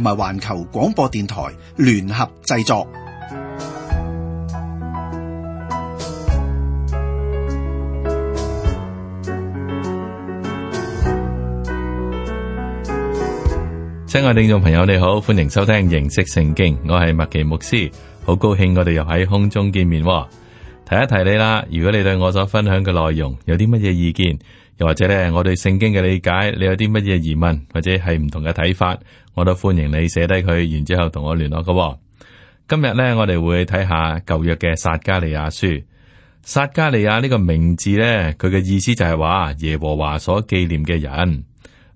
同埋環球廣播電台聯合製作。親愛聽眾朋友，你好，歡迎收聽認識聖經，我係麥奇牧師，好高興我哋又喺空中見面。提一提你啦，如果你對我所分享嘅內容有啲乜嘢意見，又或者咧，我對聖經嘅理解，你有啲乜嘢疑問或者係唔同嘅睇法，我都歡迎你寫低佢，然之後同我聯絡嘅。今日咧，我哋會睇下舊約嘅撒迦利亞書。撒迦利亞呢個名字咧，佢嘅意思就係話耶和華所紀念嘅人。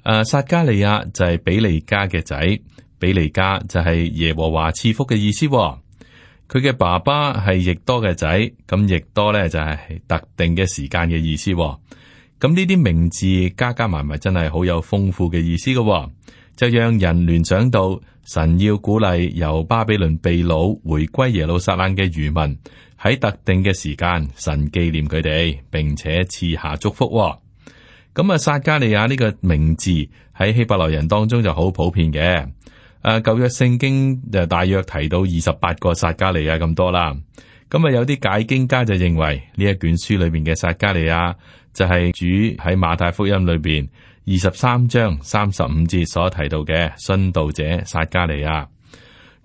誒，撒迦利亞就係比利家嘅仔，比利家就係耶和華賜福嘅意思。佢嘅爸爸係亦多嘅仔，咁亦多咧就係特定嘅時間嘅意思。咁呢啲名字加加埋埋真係好有豐富嘅意思嘅、哦，就讓人聯想到神要鼓勵由巴比倫被擄回歸耶路撒冷嘅餘民，喺特定嘅時間神紀念佢哋，並且賜下祝福、哦。咁、嗯、啊，撒加利亞呢個名字喺希伯來人當中就好普遍嘅。誒、啊，舊約聖經就大約提到二十八個撒加利亞咁多啦。咁啊、嗯，有啲解經家就認為呢一卷書裏面嘅撒迦利亞就係主喺馬太福音裏邊二十三章三十五節所提到嘅殉道者撒迦利亞。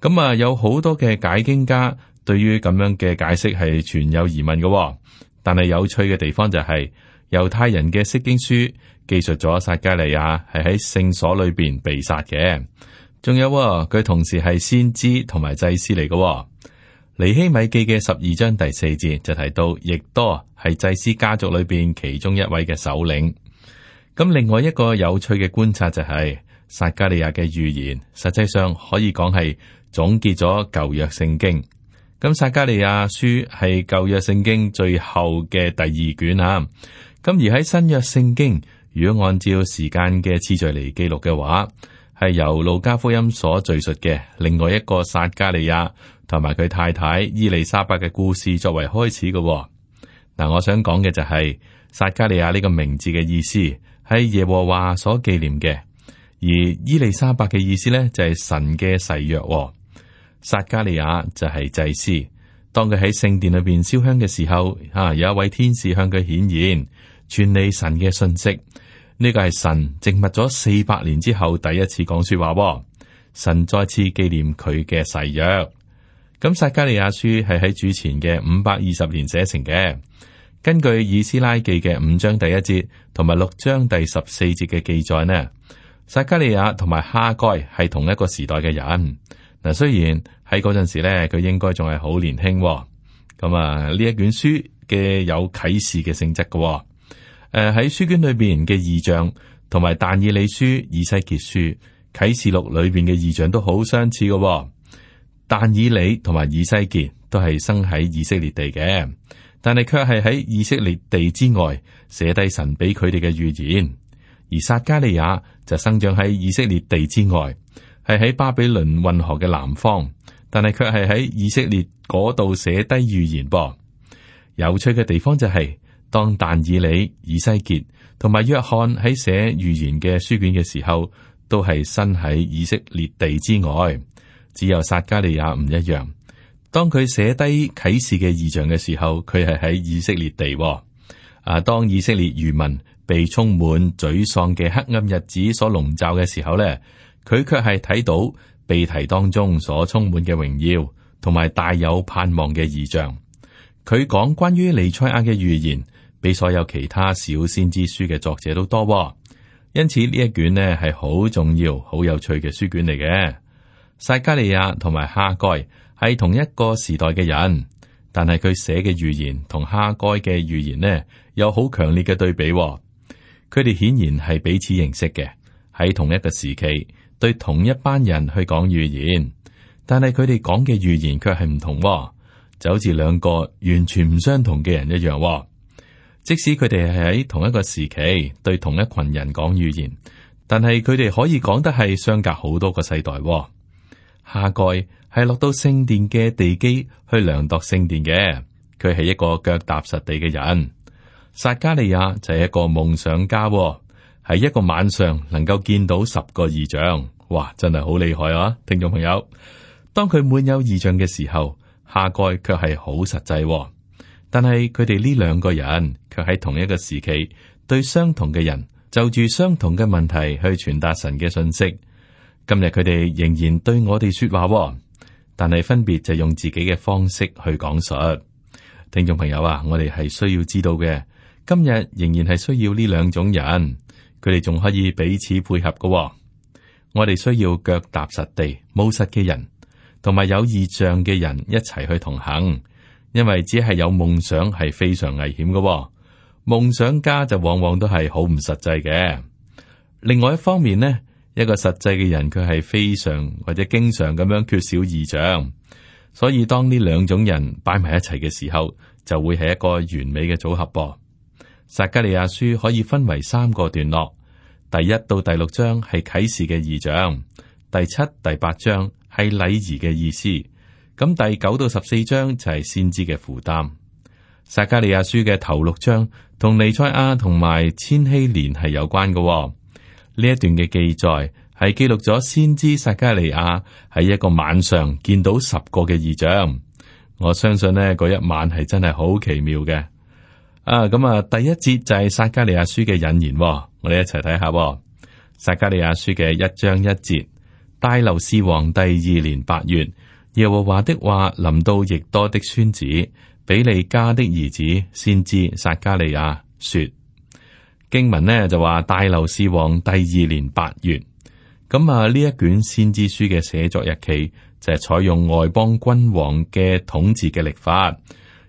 咁、就、啊、是嗯，有好多嘅解經家對於咁樣嘅解釋係存有疑問嘅。但係有趣嘅地方就係、是、猶太人嘅釋經書記述咗撒迦利亞係喺聖所裏邊被殺嘅，仲有佢、哦、同時係先知同埋祭司嚟嘅。尼希米記嘅十二章第四節就提到，亦多係祭司家族裏邊其中一位嘅首領。咁另外一個有趣嘅觀察就係、是、撒迦利亞嘅預言，實際上可以講係總結咗舊約聖經。咁撒迦利亞書係舊約聖經最後嘅第二卷啊。咁而喺新約聖經，如果按照時間嘅次序嚟記錄嘅話，係由路加福音所敘述嘅另外一個撒迦利亞同埋佢太太伊麗莎白嘅故事作為開始嘅嗱、哦嗯，我想講嘅就係撒迦利亞呢個名字嘅意思係耶和華所紀念嘅，而伊麗莎白嘅意思咧就係神嘅誓約。撒迦利亞就係、是哦、祭司，當佢喺聖殿裏邊燒香嘅時候，吓、啊、有一位天使向佢顯現，傳遞神嘅信息。呢個係神靜默咗四百年之後第一次講說話、哦，神再次紀念佢嘅誓約。咁撒迦利亞書係喺主前嘅五百二十年寫成嘅。根據以斯拉記嘅五章第一節同埋六章第十四節嘅記載呢，撒迦利亞同埋哈該係同一個時代嘅人。嗱，雖然喺嗰陣時咧，佢應該仲係好年輕。咁啊，呢一卷書嘅有啟示嘅性質嘅。誒，喺書卷裏邊嘅異象同埋但以理書、以西結書、啟示錄裏邊嘅異象都好相似嘅。但以理同埋以西結都係生喺以色列地嘅，但係卻係喺以色列地之外寫低神俾佢哋嘅預言。而撒迦利亞就生長喺以色列地之外，係喺巴比倫運河嘅南方，但係卻係喺以色列嗰度寫低預言。噃有趣嘅地方就係、是，當但以理、以西結同埋約翰喺寫預言嘅書卷嘅時候，都係生喺以色列地之外。只有撒迦利亞唔一樣，當佢寫低啟示嘅異象嘅時候，佢係喺以色列地。啊，當以色列人民被充滿沮喪嘅黑暗日子所籠罩嘅時候呢，佢卻係睇到被提當中所充滿嘅榮耀，同埋大有盼望嘅異象。佢講關於彌賽亞嘅預言，比所有其他小先知書嘅作者都多，因此呢一卷呢係好重要、好有趣嘅書卷嚟嘅。撒迦利亞同埋哈該係同一個時代嘅人，但係佢寫嘅預言同哈該嘅預言呢，有好強烈嘅對比喎。佢哋顯然係彼此認識嘅，喺同一個時期對同一班人去講預言，但係佢哋講嘅預言卻係唔同喎，就好似兩個完全唔相同嘅人一樣喎。即使佢哋係喺同一個時期對同一群人講預言，但係佢哋可以講得係相隔好多個世代喎。夏蓋係落到聖殿嘅地基去量度聖殿嘅，佢係一個腳踏實地嘅人。撒迦利亞就係一個夢想家、哦，係一個晚上能夠見到十個異象，哇，真係好厲害啊！聽眾朋友，當佢滿有異象嘅時候，夏蓋卻係好實際、哦，但係佢哋呢兩個人卻喺同一個時期，對相同嘅人就住相同嘅問題去傳達神嘅信息。今日佢哋仍然對我哋說話、哦，但係分別就用自己嘅方式去講述。聽眾朋友啊，我哋係需要知道嘅。今日仍然係需要呢兩種人，佢哋仲可以彼此配合嘅、哦。我哋需要腳踏實地務實嘅人，同埋有異象嘅人一齊去同行，因為只係有夢想係非常危險嘅、哦。夢想家就往往都係好唔實際嘅。另外一方面呢。一個實際嘅人，佢係非常或者經常咁樣缺少異象。所以當呢兩種人擺埋一齊嘅時候，就會係一個完美嘅組合噃。撒迦利亞書可以分為三個段落，第一到第六章係啟示嘅異象，第七、第八章係禮儀嘅意思，咁第九到十四章就係先知嘅負擔。撒迦利亞書嘅頭六章同尼賽亞同埋千禧年係有關嘅。呢一段嘅記載係記錄咗先知撒迦利亞喺一個晚上見到十個嘅異象，我相信呢嗰一晚係真係好奇妙嘅。啊，咁、嗯、啊，第一節就係撒迦利亞書嘅引言，我哋一齊睇下撒迦利亞書嘅一章一節，大流士皇帝二年八月，耶和華的話臨到亦多的孫子比利家的兒子先知撒迦利亞說。經文呢就話大流士王第二年八月，咁啊呢一卷先知書嘅寫作日期就係採用外邦君王嘅統治嘅曆法，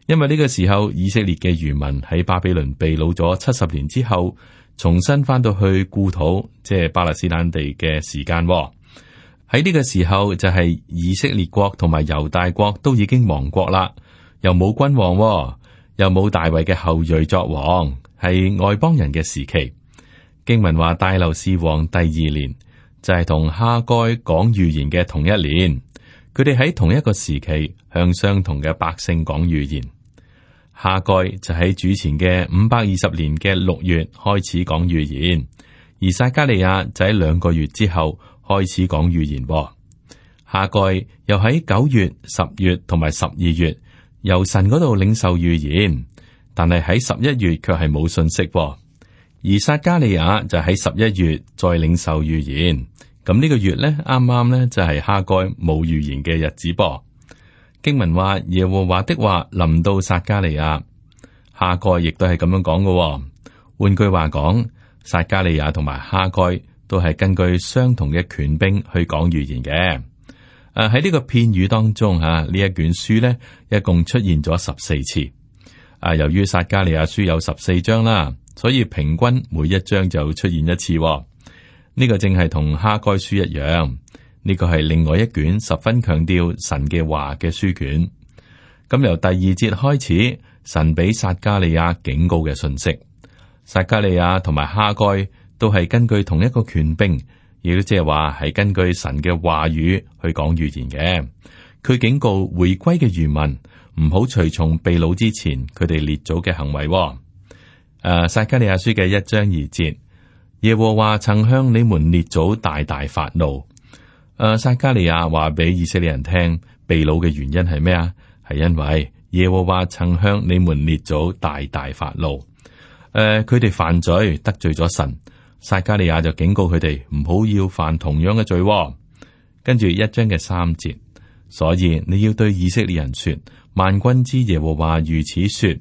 因為呢個時候以色列嘅餘民喺巴比倫被擄咗七十年之後，重新翻到去故土，即係巴勒斯坦地嘅時間。喺呢個時候就係以色列國同埋猶大國都已經亡國啦，又冇君王，又冇大衛嘅後裔作王。係外邦人嘅時期，經文話大流士王第二年就係同夏蓋講預言嘅同一年，佢哋喺同一個時期向相同嘅百姓講預言。夏蓋就喺主前嘅五百二十年嘅六月開始講預言，而撒迦利亞就喺兩個月之後開始講預言。哈蓋又喺九月、十月同埋十二月由神嗰度領受預言。但係喺十一月卻係冇信息，而撒迦利亞就喺十一月再領受預言。咁呢個月呢，啱啱呢，就係哈蓋冇預言嘅日子噃。經文話耶和華的話臨到撒迦利亞，哈蓋亦都係咁樣講嘅。換句話講，撒迦利亞同埋哈蓋都係根據相同嘅權柄去講預言嘅。誒，喺呢個片語當中吓，呢一卷書呢，一共出現咗十四次。啊，由於撒迦利亞書有十四章啦，所以平均每一章就出現一次。呢個正係同哈該書一樣，呢個係另外一卷十分強調神嘅話嘅書卷。咁由第二節開始，神俾撒迦利亞警告嘅信息。撒迦利亞同埋哈該都係根據同一個權柄，亦都即係話係根據神嘅話語去講預言嘅。佢警告回歸嘅餘民。唔好隨從被擄之前佢哋列祖嘅行為，哦。誒、啊，撒迦利亞書嘅一章二節，耶和華曾向你們列祖大大發怒。誒、啊，撒迦利亞話俾以色列人聽，被擄嘅原因係咩啊？係因為耶和華曾向你們列祖大大發怒。誒、啊，佢哋犯罪得罪咗神，撒迦利亞就警告佢哋唔好要犯同樣嘅罪，哦。跟住一章嘅三節，所以你要對以色列人說。萬軍之耶和華如此說：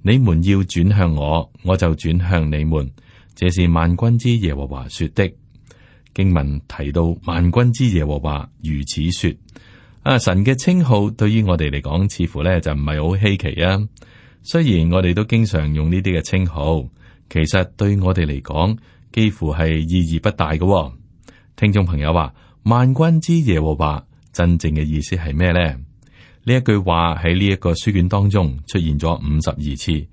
你們要轉向我，我就轉向你們。這是萬軍之耶和華說的。經文提到萬軍之耶和華如此說。啊，神嘅稱號對於我哋嚟講，似乎咧就唔係好稀奇啊。雖然我哋都經常用呢啲嘅稱號，其實對我哋嚟講，幾乎係意義不大嘅哦。聽眾朋友話：萬軍之耶和華真正嘅意思係咩咧？呢一句話喺呢一個書卷當中出現咗五十二次，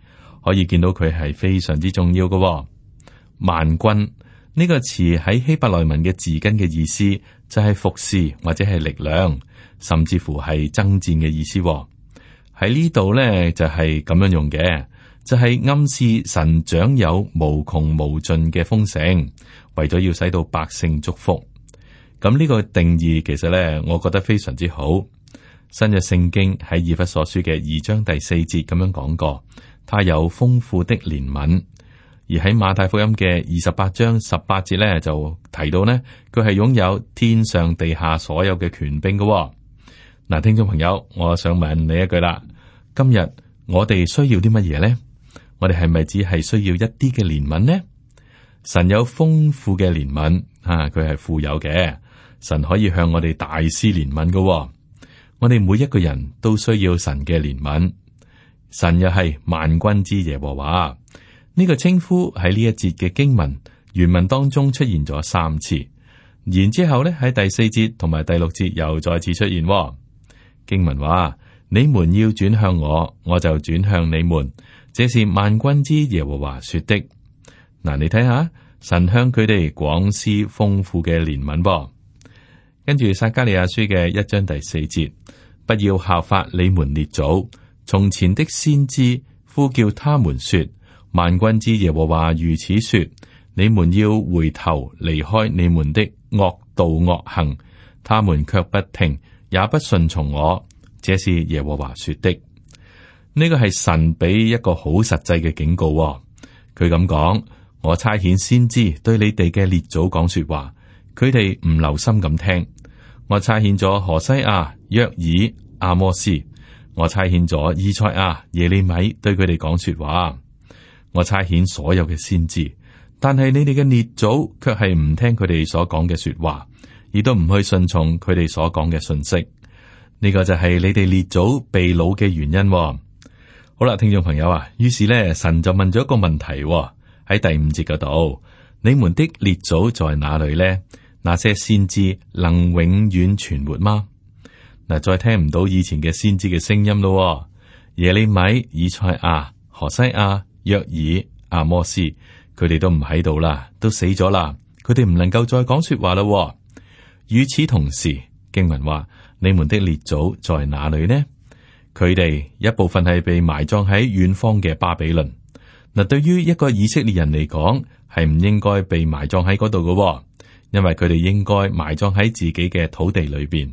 可以見到佢係非常之重要嘅、哦。萬軍呢、呢個詞喺希伯來文嘅字根嘅意思就係、是、服侍或者係力量，甚至乎係征戰嘅意思、哦。喺呢度呢，就係、是、咁樣用嘅，就係、是、暗示神掌有無窮無盡嘅豐盛，為咗要使到百姓祝福。咁呢個定義其實呢，我覺得非常之好。新約聖經喺以弗所書嘅二章第四節咁樣講過，他有豐富的憐憫；而喺馬太福音嘅二十八章十八節咧，就提到呢，佢係擁有天上地下所有嘅權柄㗎喎。嗱。聽眾朋友，我想問你一句啦，今日我哋需要啲乜嘢呢？我哋係咪只係需要一啲嘅憐憫呢？神有豐富嘅憐憫，吓佢係富有嘅，神可以向我哋大施憐憫嘅。我哋每一個人都需要神嘅憐憫，神又係萬軍之耶和華。呢、這個稱呼喺呢一節嘅經文原文當中出現咗三次，然之後咧喺第四節同埋第六節又再次出現。經文話：你們要轉向我，我就轉向你們。這是萬軍之耶和華說的。嗱、呃，你睇下，神向佢哋廣施豐富嘅憐憫噃。跟住撒迦利亞書嘅一章第四節，不要效法你們列祖從前的先知呼叫他們說：萬軍之耶和華如此說，你們要回頭離開你們的惡道惡行，他們卻不聽，也不順從我。這是耶和華說的。呢、這個係神俾一個好實際嘅警告、哦。佢咁講，我差遣先知對你哋嘅列祖講說話，佢哋唔留心咁聽。我差遣咗何西亞、約爾、阿摩斯，我差遣咗以賽亞、耶利米，對佢哋講說話。我差遣所有嘅先知，但係你哋嘅列祖卻係唔聽佢哋所講嘅說話，亦都唔去順從佢哋所講嘅信息。呢、這個就係你哋列祖被擄嘅原因。好啦，聽眾朋友啊，於是咧，神就問咗一個問題喺、哦、第五節嗰度：你們的列祖在哪裏呢？那些先知能永遠存活嗎？嗱，再聽唔到以前嘅先知嘅聲音咯、哦。耶利米、以賽亞、荷西亞、約爾、阿摩斯，佢哋都唔喺度啦，都死咗啦。佢哋唔能夠再講說話啦、哦。與此同時，經文話你們的列祖在哪裏呢？佢哋一部分係被埋葬喺遠方嘅巴比倫嗱。對於一個以色列人嚟講，係唔應該被埋葬喺嗰度噶。因為佢哋應該埋葬喺自己嘅土地裏邊，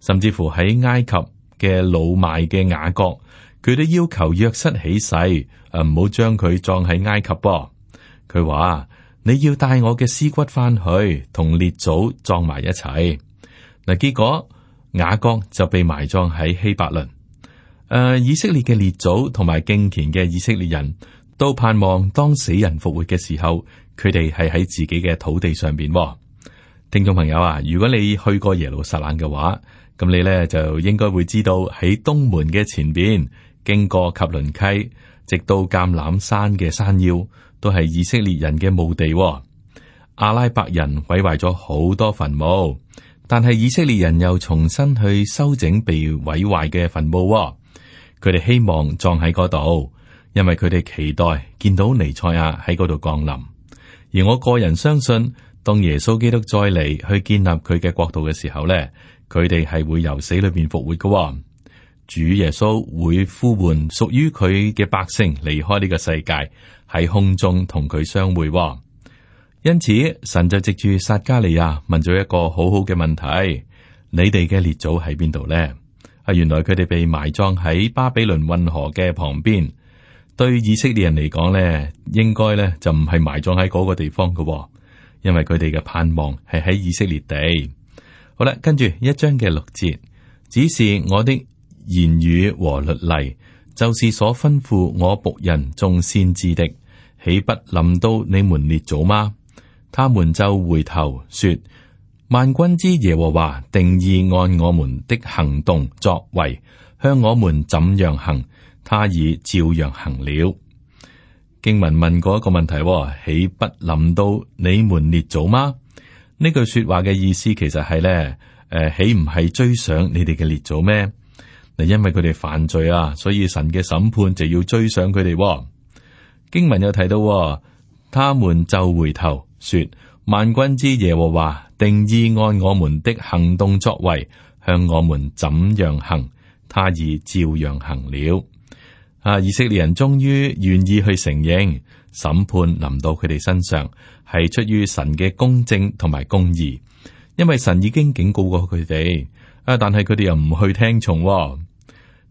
甚至乎喺埃及嘅老邁嘅雅各，佢都要求約瑟起誓，誒唔好將佢葬喺埃及噃。佢話：你要帶我嘅屍骨翻去，同列祖葬埋一齊。嗱，結果雅各就被埋葬喺希伯崙。誒、呃，以色列嘅列祖同埋敬虔嘅以色列人都盼望當死人復活嘅時候。佢哋係喺自己嘅土地上邊，哦。聽眾朋友啊，如果你去過耶路撒冷嘅話，咁你呢就應該會知道喺東門嘅前邊，經過汲淪溪，直到橄欖山嘅山腰，都係以色列人嘅墓地，哦。阿拉伯人毀壞咗好多墳墓，但係以色列人又重新去修整被毀壞嘅墳墓，哦。佢哋希望葬喺嗰度，因為佢哋期待見到彌賽亞喺嗰度降臨。而我個人相信，當耶穌基督再嚟去建立佢嘅國度嘅時候咧，佢哋係會由死裏邊復活嘅、哦。主耶穌會呼喚屬於佢嘅百姓離開呢個世界，喺空中同佢相會、哦。因此，神就藉住撒迦利亞問咗一個好好嘅問題：你哋嘅列祖喺邊度咧？啊，原來佢哋被埋葬喺巴比倫運河嘅旁邊。對以色列人嚟講呢，應該呢就唔係埋葬喺嗰個地方嘅，因為佢哋嘅盼望係喺以色列地。好啦，跟住一章嘅六節，只是我的言語和律例，就是所吩咐我僕人眾先知的，豈不臨到你們列祖嗎？他們就回頭說：萬軍之耶和華定意按我們的行動作為，向我們怎樣行？他已照樣行了。經文問過一個問題：豈不臨到你們列祖嗎？呢句說話嘅意思其實係咧，誒、呃，豈唔係追上你哋嘅列祖咩？嗱，因為佢哋犯罪啊，所以神嘅審判就要追上佢哋。經文又提到，他們就回頭說：萬軍之耶和華定意按我們的行動作為，向我們怎樣行，他已照樣行了。啊！以色列人終於願意去承認審判臨到佢哋身上，係出於神嘅公正同埋公義，因為神已經警告過佢哋啊，但係佢哋又唔去聽從，哦。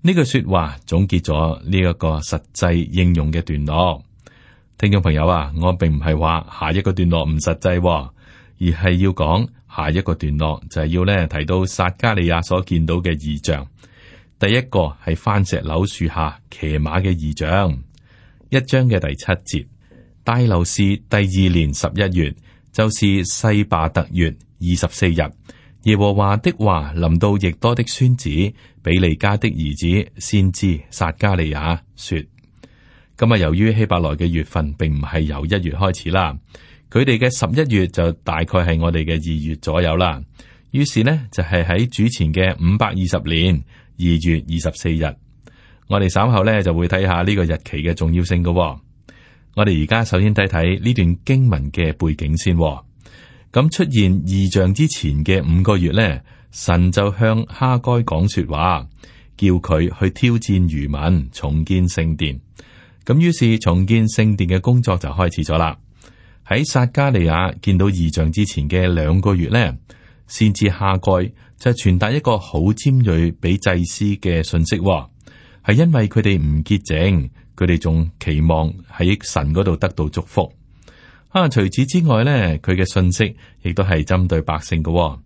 呢句說話總結咗呢一個實際應用嘅段落。聽眾朋友啊，我並唔係話下一個段落唔實際，哦，而係要講下一個段落就係要呢提到撒迦利亞所見到嘅異象。第一個係番石榴樹下騎馬嘅異象。一章嘅第七節。大流士第二年十一月，就是西巴特月二十四日。耶和華的話臨到，亦多的孫子比利家的兒子先知撒迦利亞說：咁啊，由於希伯來嘅月份並唔係由一月開始啦，佢哋嘅十一月就大概係我哋嘅二月左右啦。於是呢，就係喺主前嘅五百二十年。二月二十四日，我哋稍後咧就會睇下呢個日期嘅重要性噶、哦。我哋而家首先睇睇呢段經文嘅背景先、哦。咁出現異象之前嘅五個月呢，神就向哈該講說話，叫佢去挑戰漁民重建聖殿。咁於是重建聖殿嘅工作就開始咗啦。喺撒迦利亞見到異象之前嘅兩個月呢，先至哈該就傳達一個好尖銳俾祭司嘅信息、哦，係因為佢哋唔潔淨，佢哋仲期望喺神嗰度得到祝福。啊，除此之外呢，佢嘅信息亦都係針對百姓嘅、哦，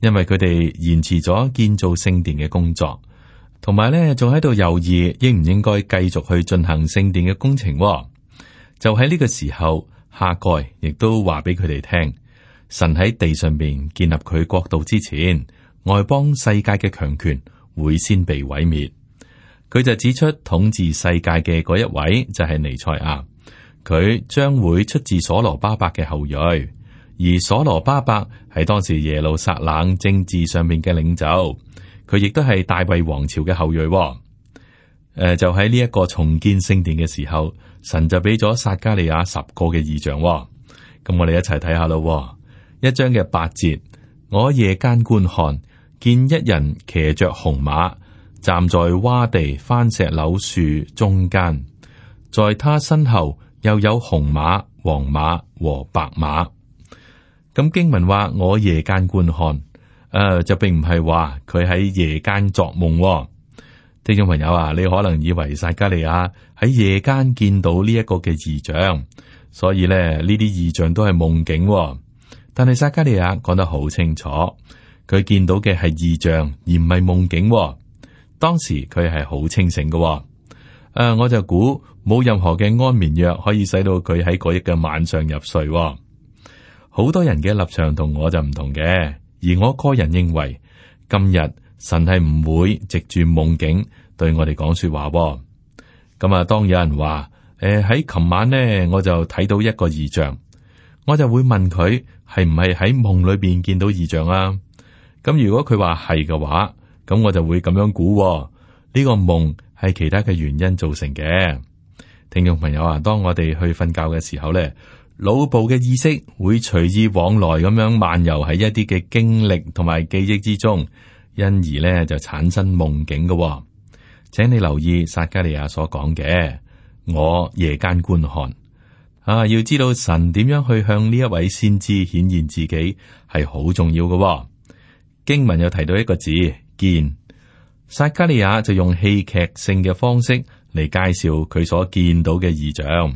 因為佢哋延遲咗建造聖殿嘅工作，同埋呢，仲喺度猶豫應唔應該繼續去進行聖殿嘅工程、哦。就喺呢個時候，哈該亦都話俾佢哋聽，神喺地上面建立佢國度之前。外邦世界嘅強權會先被毀滅。佢就指出統治世界嘅嗰一位就係尼賽亞，佢將會出自所羅巴伯嘅後裔。而所羅巴伯係當時耶路撒冷政治上面嘅領袖，佢亦都係大衛王朝嘅後裔。誒，就喺呢一個重建聖殿嘅時候，神就俾咗撒迦利亞十個嘅異象。咁我哋一齊睇下咯。一章嘅八節，我夜間觀看。見一人騎着紅馬，站在窪地番石榴樹中間，在他身後又有紅馬、黃馬和白馬。咁經文話我夜間觀看，誒、呃、就並唔係話佢喺夜間作夢、哦。聽眾朋友啊，你可能以為撒迦利亞喺夜間見到呢一個嘅異象，所以咧呢啲異象都係夢境、哦。但係撒迦利亞講得好清楚。佢見到嘅係異象，而唔係夢境、哦。當時佢係好清醒嘅、哦。誒、呃，我就估冇任何嘅安眠藥可以使到佢喺嗰一嘅晚上入睡、哦。好多人嘅立場同我就唔同嘅，而我個人認為今日神係唔會藉住夢境對我哋講說話、哦。咁、呃、啊，當有人話誒，喺琴晚呢，我就睇到一個異象，我就會問佢係唔係喺夢裏邊見到異象啊？咁如果佢話係嘅話，咁我就會咁樣估喎，呢個夢係其他嘅原因造成嘅。聽眾朋友啊，當我哋去瞓覺嘅時候咧，腦部嘅意識會隨意往來咁樣漫遊喺一啲嘅經歷同埋記憶之中，因而咧就產生夢境嘅喎。請你留意撒迦利亞所講嘅，我夜間觀看啊，要知道神點樣去向呢一位先知顯現自己，係好重要嘅喎。經文又提到一個字見，撒迦利亞就用戲劇性嘅方式嚟介紹佢所見到嘅異象。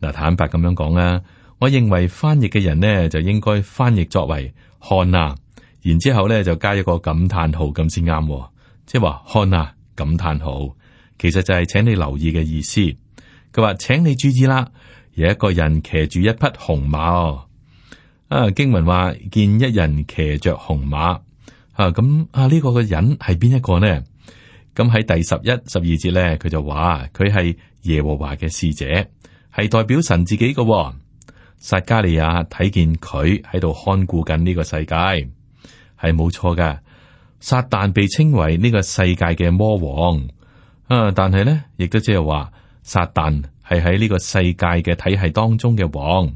嗱，坦白咁樣講啦，我認為翻譯嘅人呢，就應該翻譯作為看啊，然之後咧就加一個感嘆號咁先啱，即係話看啊感嘆號，其實就係請你留意嘅意思。佢話請你注意啦，有一個人騎住一匹紅馬哦。啊，經文話見一人騎着紅馬。啊，咁啊呢、呢個嘅人係邊一個呢？咁、啊、喺第十一、十二節咧，佢就話佢係耶和華嘅使者，係代表神自己嘅、哦。撒迦利亞睇見佢喺度看顧緊呢個世界，係冇錯嘅。撒旦被稱為呢個世界嘅魔王啊，但係咧亦都即係話，撒旦係喺呢個世界嘅體系當中嘅王。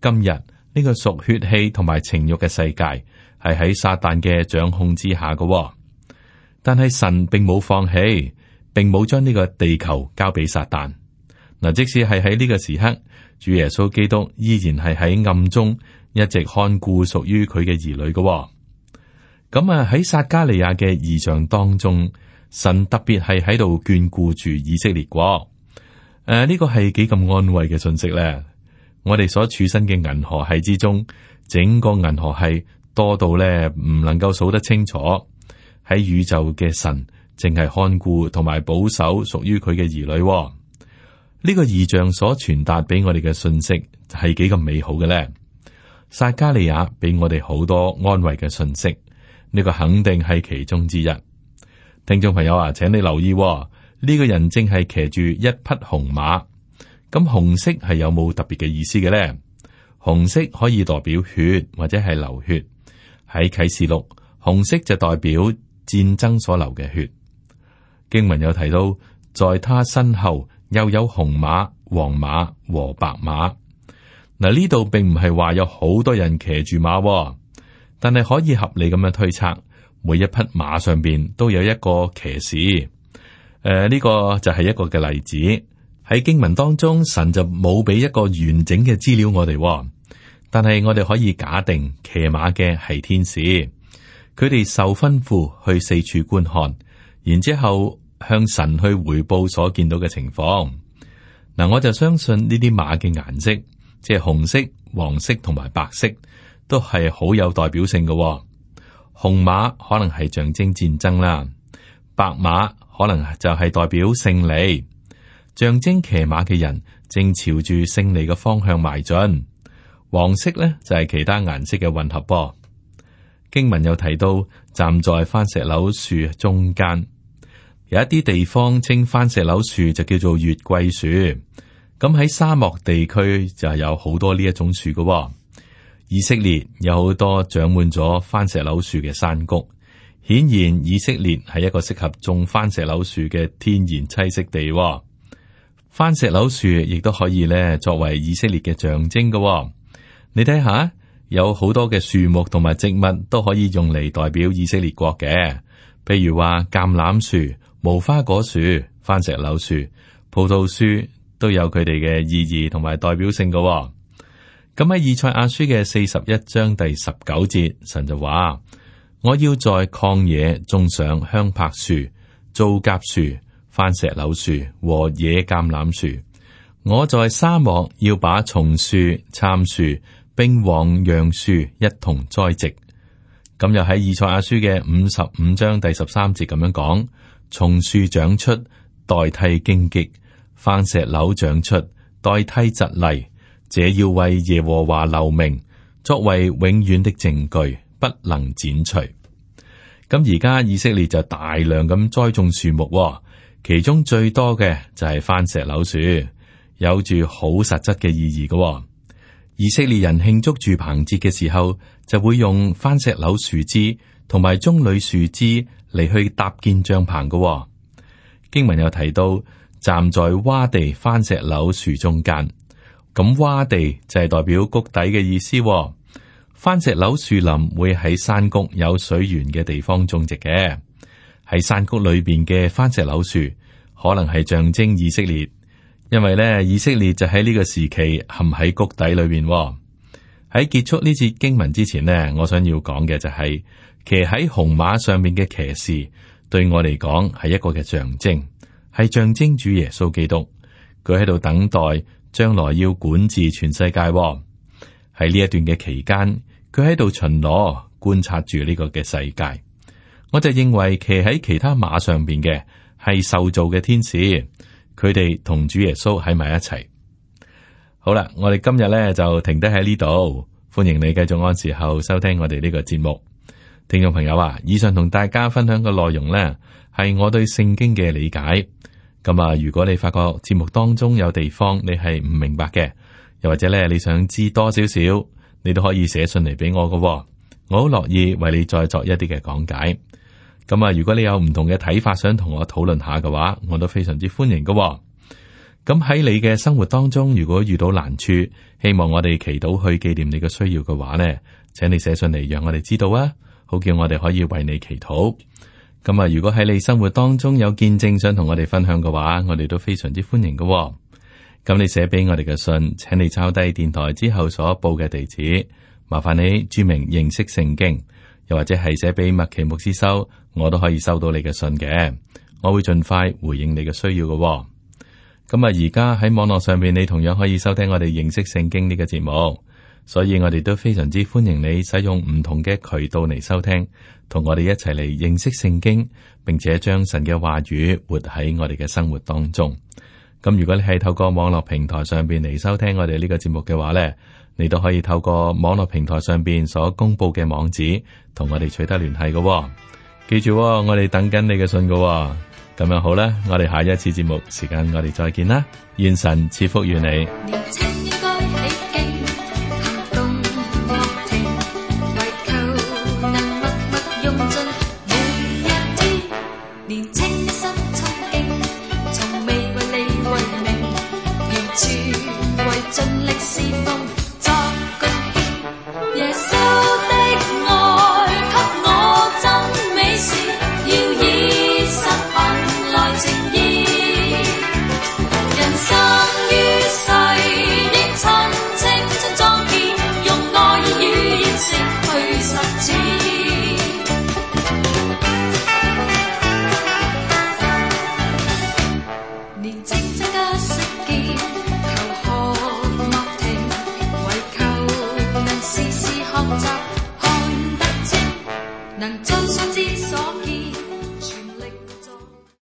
今日呢、呢個屬血氣同埋情慾嘅世界，係喺撒旦嘅掌控之下嘅、哦，但係神並冇放棄，並冇將呢個地球交俾撒旦嗱、啊。即使係喺呢個時刻，主耶穌基督依然係喺暗中一直看顧屬於佢嘅兒女嘅、哦。咁啊，喺撒迦利亞嘅異象當中，神特別係喺度眷顧住以色列國。誒、啊，呢、這個係幾咁安慰嘅信息咧？我哋所處身嘅銀河系之中，整個銀河系。多到咧唔能夠數得清楚，喺宇宙嘅神淨係看顧同埋保守屬於佢嘅兒女、哦。呢、這個異象所傳達俾我哋嘅信息係幾咁美好嘅咧？撒迦利亞俾我哋好多安慰嘅信息，呢、這個肯定係其中之一。聽眾朋友啊，請你留意呢、哦這個人正係騎住一匹紅馬，咁紅色係有冇特別嘅意思嘅咧？紅色可以代表血或者係流血。喺啟示錄，紅色就代表戰爭所流嘅血。經文有提到，在他身後又有紅馬、黃馬和白馬。嗱，呢度並唔係話有好多人騎住馬，但係可以合理咁樣推測，每一匹馬上面都有一個騎士。誒，呢個就係一個嘅例子。喺經文當中，神就冇俾一個完整嘅資料我哋。但係我哋可以假定騎馬嘅係天使，佢哋受吩咐去四處觀看，然之後向神去回報所見到嘅情況。嗱，我就相信呢啲馬嘅顏色，即係紅色、黃色同埋白色，都係好有代表性嘅。紅馬可能係象徵戰爭啦，白馬可能就係代表勝利，象徵騎馬嘅人正朝住勝利嘅方向邁進。黃色呢，就係其他顏色嘅混合噃。經文又提到站在番石榴樹中間，有一啲地方稱番石榴樹就叫做月桂樹。咁喺沙漠地區就係有好多呢一種樹噶。以色列有好多長滿咗番石榴樹嘅山谷，顯然以色列係一個適合種番石榴樹嘅天然棲息地。番石榴樹亦都可以呢作為以色列嘅象徵噶。你睇下，有好多嘅樹木同埋植物都可以用嚟代表以色列國嘅，譬如話橄欖樹、無花果樹、番石榴樹、葡萄樹，都有佢哋嘅意義同埋代表性噶喎。咁喺以賽亞書嘅四十一章第十九節，神就話：我要在曠野種上香柏樹、皂莢樹、番石榴樹和野橄欖樹；我在沙漠要把松樹、杉樹，兵王楊樹一同栽植，咁又喺以賽亞書嘅五十五章第十三節咁樣講：，松樹長出代替荊棘，番石榴長出代替蒺藜，這要為耶和華留名，作為永遠的證據，不能剪除。咁而家以色列就大量咁栽種樹木，其中最多嘅就係番石榴樹，有住好實質嘅意義嘅。以色列人慶祝住棚節嘅時候，就會用番石榴樹枝同埋棕櫚樹枝嚟去搭建帳棚嘅、哦。經文有提到，站在窪地番石榴樹中間，咁窪地就係代表谷底嘅意思、哦。番石榴樹林會喺山谷有水源嘅地方種植嘅，喺山谷裏邊嘅番石榴樹可能係象徵以色列。因為咧，以色列就喺呢個時期陷喺谷底裏面，哦。喺結束呢節經文之前呢，我想要講嘅就係騎喺紅馬上面嘅騎士，對我嚟講係一個嘅象徵，係象徵主耶穌基督。佢喺度等待將來要管治全世界，哦。喺呢一段嘅期間，佢喺度巡邏觀察住呢個嘅世界。我就認為騎喺其他馬上面嘅係受造嘅天使。佢哋同主耶穌喺埋一齊。好啦，我哋今日咧就停低喺呢度。歡迎你繼續按時候收聽我哋呢個節目。聽眾朋友啊，以上同大家分享嘅內容呢係我對聖經嘅理解。咁、嗯、啊，如果你發覺節目當中有地方你係唔明白嘅，又或者咧你想知多少少，你都可以寫信嚟俾我噶、哦。我好樂意為你再作一啲嘅講解。咁啊，如果你有唔同嘅睇法，想同我討論下嘅話，我都非常之歡迎嘅哦。咁喺你嘅生活當中，如果遇到難處，希望我哋祈禱去紀念你嘅需要嘅話呢，請你寫信嚟讓我哋知道啊，好叫我哋可以為你祈禱。咁啊，如果喺你生活當中有見證想同我哋分享嘅話，我哋都非常之歡迎嘅哦。咁你寫俾我哋嘅信，請你抄低電台之後所報嘅地址，麻煩你注明認識聖經。或者係寫俾麥奇牧師收，我都可以收到你嘅信嘅。我會盡快回應你嘅需要嘅、哦。咁啊，而家喺網絡上面，你同樣可以收聽我哋認識聖經呢個節目。所以我哋都非常之歡迎你使用唔同嘅渠道嚟收聽，同我哋一齊嚟認識聖經，並且將神嘅話語活喺我哋嘅生活當中。咁如果你係透過網絡平台上邊嚟收聽我哋呢個節目嘅話呢。你都可以透過網絡平台上邊所公布嘅網址，同我哋取得聯繫嘅。記住哦，我哋等緊你嘅信嘅哦。咁樣好啦，我哋下一次節目時間，我哋再見啦。願神賜福於你。